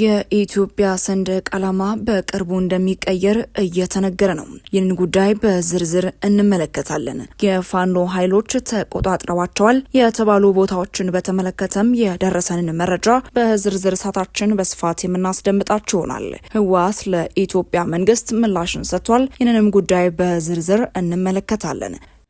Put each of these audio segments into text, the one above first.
የኢትዮጵያ ሰንደቅ ዓላማ በቅርቡ እንደሚቀየር እየተነገረ ነው። ይህንን ጉዳይ በዝርዝር እንመለከታለን። የፋኖ ኃይሎች ተቆጣጥረዋቸዋል የተባሉ ቦታዎችን በተመለከተም የደረሰንን መረጃ በዝርዝር እሳታችን በስፋት የምናስደምጣችሁ ይሆናል። ህወሓት ለኢትዮጵያ መንግስት ምላሽን ሰጥቷል። ይህንንም ጉዳይ በዝርዝር እንመለከታለን።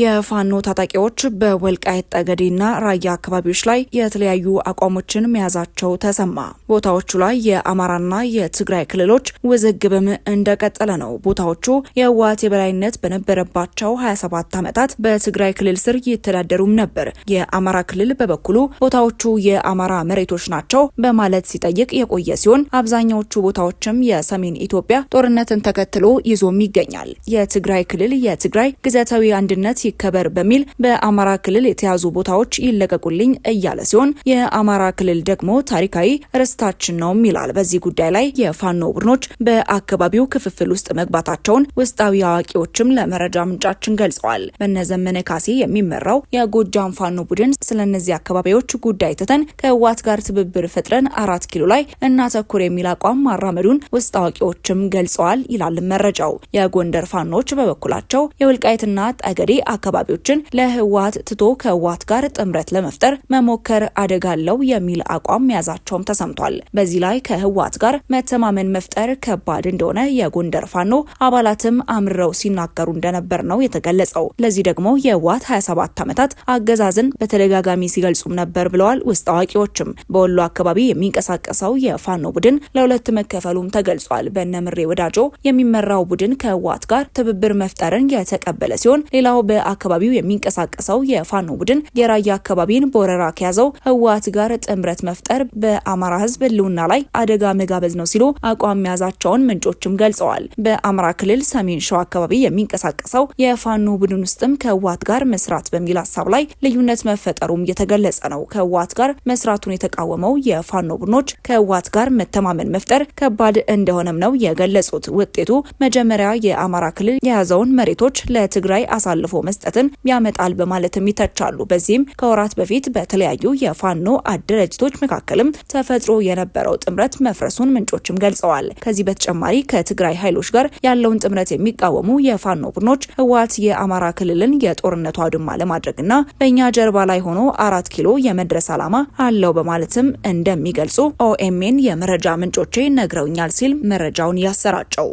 የፋኖ ታጣቂዎች በወልቃይት ጠገዴና ራያ አካባቢዎች ላይ የተለያዩ አቋሞችን መያዛቸው ተሰማ። ቦታዎቹ ላይ የአማራና የትግራይ ክልሎች ውዝግብም እንደቀጠለ ነው። ቦታዎቹ የህወሓት የበላይነት በነበረባቸው 27 ዓመታት በትግራይ ክልል ስር ይተዳደሩም ነበር። የአማራ ክልል በበኩሉ ቦታዎቹ የአማራ መሬቶች ናቸው በማለት ሲጠይቅ የቆየ ሲሆን አብዛኛዎቹ ቦታዎችም የሰሜን ኢትዮጵያ ጦርነትን ተከትሎ ይዞም ይገኛል። የትግራይ ክልል የትግራይ ግዛታዊ አንድነት ነጻነት ይከበር በሚል በአማራ ክልል የተያዙ ቦታዎች ይለቀቁልኝ እያለ ሲሆን የአማራ ክልል ደግሞ ታሪካዊ ርስታችን ነውም ይላል። በዚህ ጉዳይ ላይ የፋኖ ቡድኖች በአካባቢው ክፍፍል ውስጥ መግባታቸውን ውስጣዊ አዋቂዎችም ለመረጃ ምንጫችን ገልጸዋል። በነዘመነ ካሴ የሚመራው የጎጃም ፋኖ ቡድን ስለነዚህ አካባቢዎች ጉዳይ ትተን ከህወሓት ጋር ትብብር ፈጥረን አራት ኪሎ ላይ እናተኩር የሚል አቋም ማራመዱን ውስጥ አዋቂዎችም ገልጸዋል ይላል መረጃው። የጎንደር ፋኖች በበኩላቸው የወልቃይትና ጠገዴ አካባቢዎችን ለህወሓት ትቶ ከህወሓት ጋር ጥምረት ለመፍጠር መሞከር አደጋለው የሚል አቋም መያዛቸውም ተሰምቷል። በዚህ ላይ ከህወሓት ጋር መተማመን መፍጠር ከባድ እንደሆነ የጎንደር ፋኖ አባላትም አምርረው ሲናገሩ እንደነበር ነው የተገለጸው። ለዚህ ደግሞ የህወሓት 27 ዓመታት አገዛዝን በተደጋጋሚ ሲገልጹም ነበር ብለዋል ውስጥ አዋቂዎችም። በወሎ አካባቢ የሚንቀሳቀሰው የፋኖ ቡድን ለሁለት መከፈሉም ተገልጿል። በነምሬ ወዳጆ የሚመራው ቡድን ከህወሓት ጋር ትብብር መፍጠርን የተቀበለ ሲሆን ሌላው በ በአካባቢው የሚንቀሳቀሰው የፋኖ ቡድን የራያ አካባቢን በወረራ ከያዘው ህወሓት ጋር ጥምረት መፍጠር በአማራ ህዝብ ህልውና ላይ አደጋ መጋበዝ ነው ሲሉ አቋም መያዛቸውን ምንጮችም ገልጸዋል። በአማራ ክልል ሰሜን ሸዋ አካባቢ የሚንቀሳቀሰው የፋኖ ቡድን ውስጥም ከህወሓት ጋር መስራት በሚል ሀሳብ ላይ ልዩነት መፈጠሩም እየተገለጸ ነው። ከህወሓት ጋር መስራቱን የተቃወመው የፋኖ ቡድኖች ከህወሓት ጋር መተማመን መፍጠር ከባድ እንደሆነም ነው የገለጹት። ውጤቱ መጀመሪያ የአማራ ክልል የያዘውን መሬቶች ለትግራይ አሳልፎ መስጠትን ያመጣል በማለትም ይተቻሉ። በዚህም ከወራት በፊት በተለያዩ የፋኖ አደረጅቶች መካከልም ተፈጥሮ የነበረው ጥምረት መፍረሱን ምንጮችም ገልጸዋል። ከዚህ በተጨማሪ ከትግራይ ኃይሎች ጋር ያለውን ጥምረት የሚቃወሙ የፋኖ ቡድኖች ህወሓት የአማራ ክልልን የጦርነቱ አውድማ ለማድረግና በእኛ ጀርባ ላይ ሆኖ አራት ኪሎ የመድረስ ዓላማ አለው በማለትም እንደሚገልጹ ኦኤምኤን የመረጃ ምንጮቼ ነግረውኛል ሲል መረጃውን ያሰራጨው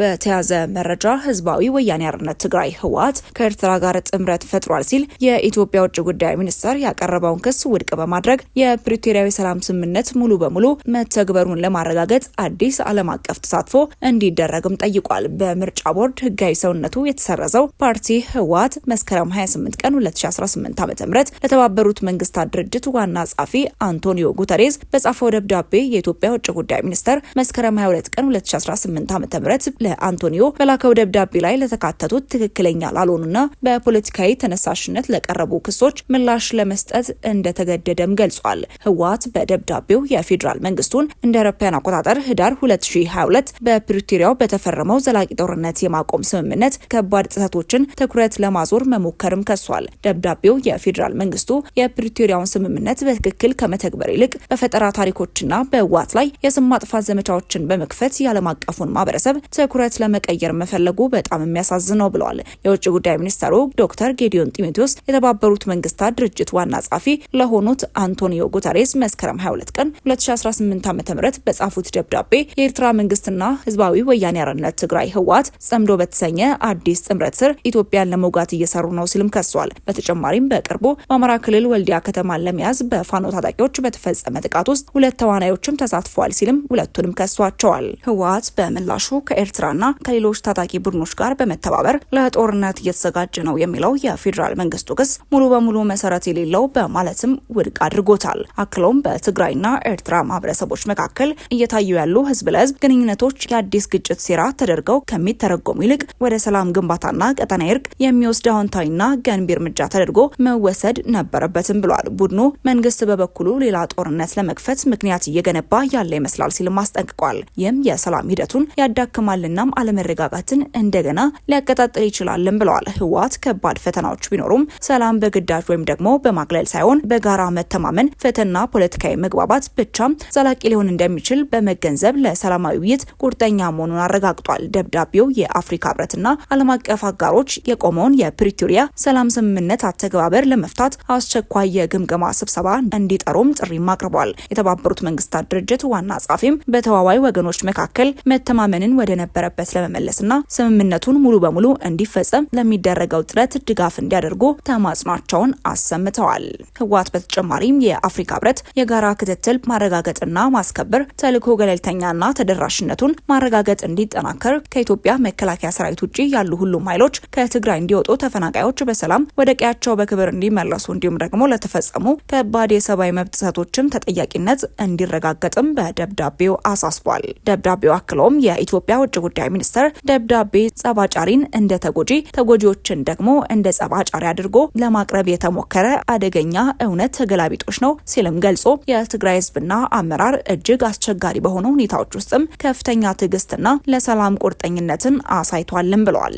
በተያዘ መረጃ ህዝባዊ ወያኔ አርነት ትግራይ ህወሓት ከኤርትራ ጋር ጥምረት ፈጥሯል ሲል የኢትዮጵያ ውጭ ጉዳይ ሚኒስቴር ያቀረበውን ክስ ውድቅ በማድረግ የፕሪቶሪያዊ ሰላም ስምምነት ሙሉ በሙሉ መተግበሩን ለማረጋገጥ አዲስ ዓለም አቀፍ ተሳትፎ እንዲደረግም ጠይቋል። በምርጫ ቦርድ ህጋዊ ሰውነቱ የተሰረዘው ፓርቲ ህወሓት መስከረም 28 ቀን 2018 ም ለተባበሩት መንግስታት ድርጅት ዋና ጸሐፊ አንቶኒዮ ጉተሬዝ በጻፈው ደብዳቤ የኢትዮጵያ ውጭ ጉዳይ ሚኒስቴር መስከረም 22 ቀን 2018 ም ለአንቶኒዮ በላከው ደብዳቤ ላይ ለተካተቱት ትክክለኛ ላልሆኑና በፖለቲካዊ ተነሳሽነት ለቀረቡ ክሶች ምላሽ ለመስጠት እንደተገደደም ገልጿል። ህወሓት በደብዳቤው የፌዴራል መንግስቱን እንደ አውሮፓውያን አቆጣጠር ህዳር 2022 በፕሪቶሪያው በተፈረመው ዘላቂ ጦርነት የማቆም ስምምነት ከባድ ጥሰቶችን ትኩረት ለማዞር መሞከርም ከሷል። ደብዳቤው የፌዴራል መንግስቱ የፕሪቶሪያውን ስምምነት በትክክል ከመተግበር ይልቅ በፈጠራ ታሪኮችና በህወሓት ላይ የስም ማጥፋት ዘመቻዎችን በመክፈት ያለም አቀፉን ማህበረሰብ ትኩረት ለመቀየር መፈለጉ በጣም የሚያሳዝን ነው ብለዋል። የውጭ ጉዳይ ሚኒስተሩ ዶክተር ጌዲዮን ጢሞቴዎስ የተባበሩት መንግስታት ድርጅት ዋና ጸሐፊ ለሆኑት አንቶኒዮ ጉተሬስ መስከረም 22 ቀን 2018 ዓ.ም በጻፉት ደብዳቤ የኤርትራ መንግስትና ህዝባዊ ወያኔ ሓርነት ትግራይ ህወሓት ጸምዶ በተሰኘ አዲስ ጥምረት ስር ኢትዮጵያን ለመውጋት እየሰሩ ነው ሲልም ከሷል። በተጨማሪም በቅርቡ በአማራ ክልል ወልዲያ ከተማን ለመያዝ በፋኖ ታጣቂዎች በተፈጸመ ጥቃት ውስጥ ሁለት ተዋናዮችም ተሳትፏል ሲልም ሁለቱንም ከሷቸዋል። ህወሓት በምላሹ ከኤርትራ ከኤርትራና ከሌሎች ታጣቂ ቡድኖች ጋር በመተባበር ለጦርነት እየተዘጋጀ ነው የሚለው የፌዴራል መንግስቱ ክስ ሙሉ በሙሉ መሰረት የሌለው በማለትም ውድቅ አድርጎታል። አክለውም በትግራይና ኤርትራ ማህበረሰቦች መካከል እየታዩ ያሉ ህዝብ ለህዝብ ግንኙነቶች የአዲስ ግጭት ሴራ ተደርገው ከሚተረጎሙ ይልቅ ወደ ሰላም ግንባታና ቀጠና እርቅ የሚወስድ አዎንታዊና ገንቢ እርምጃ ተደርጎ መወሰድ ነበረበትም ብሏል። ቡድኑ መንግስት በበኩሉ ሌላ ጦርነት ለመክፈት ምክንያት እየገነባ ያለ ይመስላል ሲልም አስጠንቅቋል። ይህም የሰላም ሂደቱን ያዳክማልን እናም አለመረጋጋትን እንደገና ሊያቀጣጥል ይችላልን ብለዋል። ህወሓት ከባድ ፈተናዎች ቢኖሩም ሰላም በግዳጅ ወይም ደግሞ በማግለል ሳይሆን በጋራ መተማመን፣ ፍትህና ፖለቲካዊ መግባባት ብቻም ዘላቂ ሊሆን እንደሚችል በመገንዘብ ለሰላማዊ ውይይት ቁርጠኛ መሆኑን አረጋግጧል። ደብዳቤው የአፍሪካ ህብረትና ዓለም አቀፍ አጋሮች የቆመውን የፕሪቶሪያ ሰላም ስምምነት አተገባበር ለመፍታት አስቸኳይ የግምገማ ስብሰባ እንዲጠሩም ጥሪም አቅርቧል። የተባበሩት መንግስታት ድርጅት ዋና ጸሐፊም በተዋዋይ ወገኖች መካከል መተማመንን ወደ ነበረ ነበረበት ለመመለስና ስምምነቱን ሙሉ በሙሉ እንዲፈጸም ለሚደረገው ጥረት ድጋፍ እንዲያደርጉ ተማጽኗቸውን አሰምተዋል። ህወሓት በተጨማሪም የአፍሪካ ህብረት የጋራ ክትትል ማረጋገጥና ማስከበር ተልዕኮ ገለልተኛና ተደራሽነቱን ማረጋገጥ እንዲጠናከር ከኢትዮጵያ መከላከያ ሰራዊት ውጭ ያሉ ሁሉም ኃይሎች ከትግራይ እንዲወጡ፣ ተፈናቃዮች በሰላም ወደ ቀያቸው በክብር እንዲመለሱ እንዲሁም ደግሞ ለተፈጸሙ ከባድ የሰብአዊ መብት ጥሰቶችም ተጠያቂነት እንዲረጋገጥም በደብዳቤው አሳስቧል። ደብዳቤው አክሎም የኢትዮጵያ ውጭ ጉዳይ ሚኒስቴር ደብዳቤ ጸባጫሪን እንደ ተጎጂ ተጎጂዎችን ደግሞ እንደ ጸባጫሪ አድርጎ ለማቅረብ የተሞከረ አደገኛ እውነት ገላቢጦች ነው ሲልም ገልጾ የትግራይ ህዝብና አመራር እጅግ አስቸጋሪ በሆኑ ሁኔታዎች ውስጥም ከፍተኛ ትዕግስትና ለሰላም ቁርጠኝነትን አሳይቷልም ብለዋል።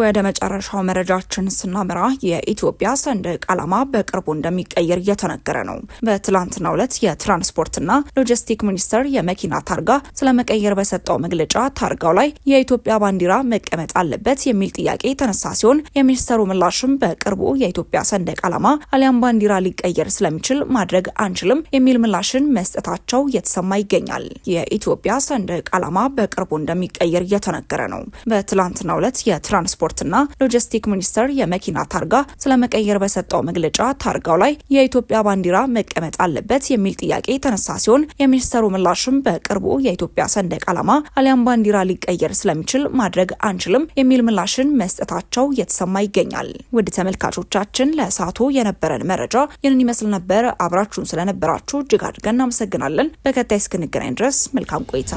ወደ መጨረሻው መረጃችን ስናመራ የኢትዮጵያ ሰንደቅ ዓላማ በቅርቡ እንደሚቀየር እየተነገረ ነው። በትላንትናው ዕለት የትራንስፖርትና ሎጂስቲክ ሚኒስቴር የመኪና ታርጋ ስለመቀየር በሰጠው መግለጫ ታርጋው ላይ የኢትዮጵያ ባንዲራ መቀመጥ አለበት የሚል ጥያቄ የተነሳ ሲሆን የሚኒስቴሩ ምላሽም በቅርቡ የኢትዮጵያ ሰንደቅ ዓላማ አሊያም ባንዲራ ሊቀየር ስለሚችል ማድረግ አንችልም የሚል ምላሽን መስጠታቸው እየተሰማ ይገኛል። የኢትዮጵያ ሰንደቅ ዓላማ በቅርቡ እንደሚቀየር እየተነገረ ነው። በትላንትናው ዕለት የትራንስፖርት ትራንስፖርትና ሎጂስቲክ ሚኒስቴር የመኪና ታርጋ ስለመቀየር በሰጠው መግለጫ ታርጋው ላይ የኢትዮጵያ ባንዲራ መቀመጥ አለበት የሚል ጥያቄ ተነሳ ሲሆን የሚኒስተሩ ምላሽም በቅርቡ የኢትዮጵያ ሰንደቅ ዓላማ አሊያም ባንዲራ ሊቀየር ስለሚችል ማድረግ አንችልም የሚል ምላሽን መስጠታቸው እየተሰማ ይገኛል። ውድ ተመልካቾቻችን ለእሳቱ የነበረን መረጃ ይህንን ይመስል ነበር። አብራችሁን ስለነበራችሁ እጅግ አድርገን እናመሰግናለን። በቀጣይ እስክንገናኝ ድረስ መልካም ቆይታ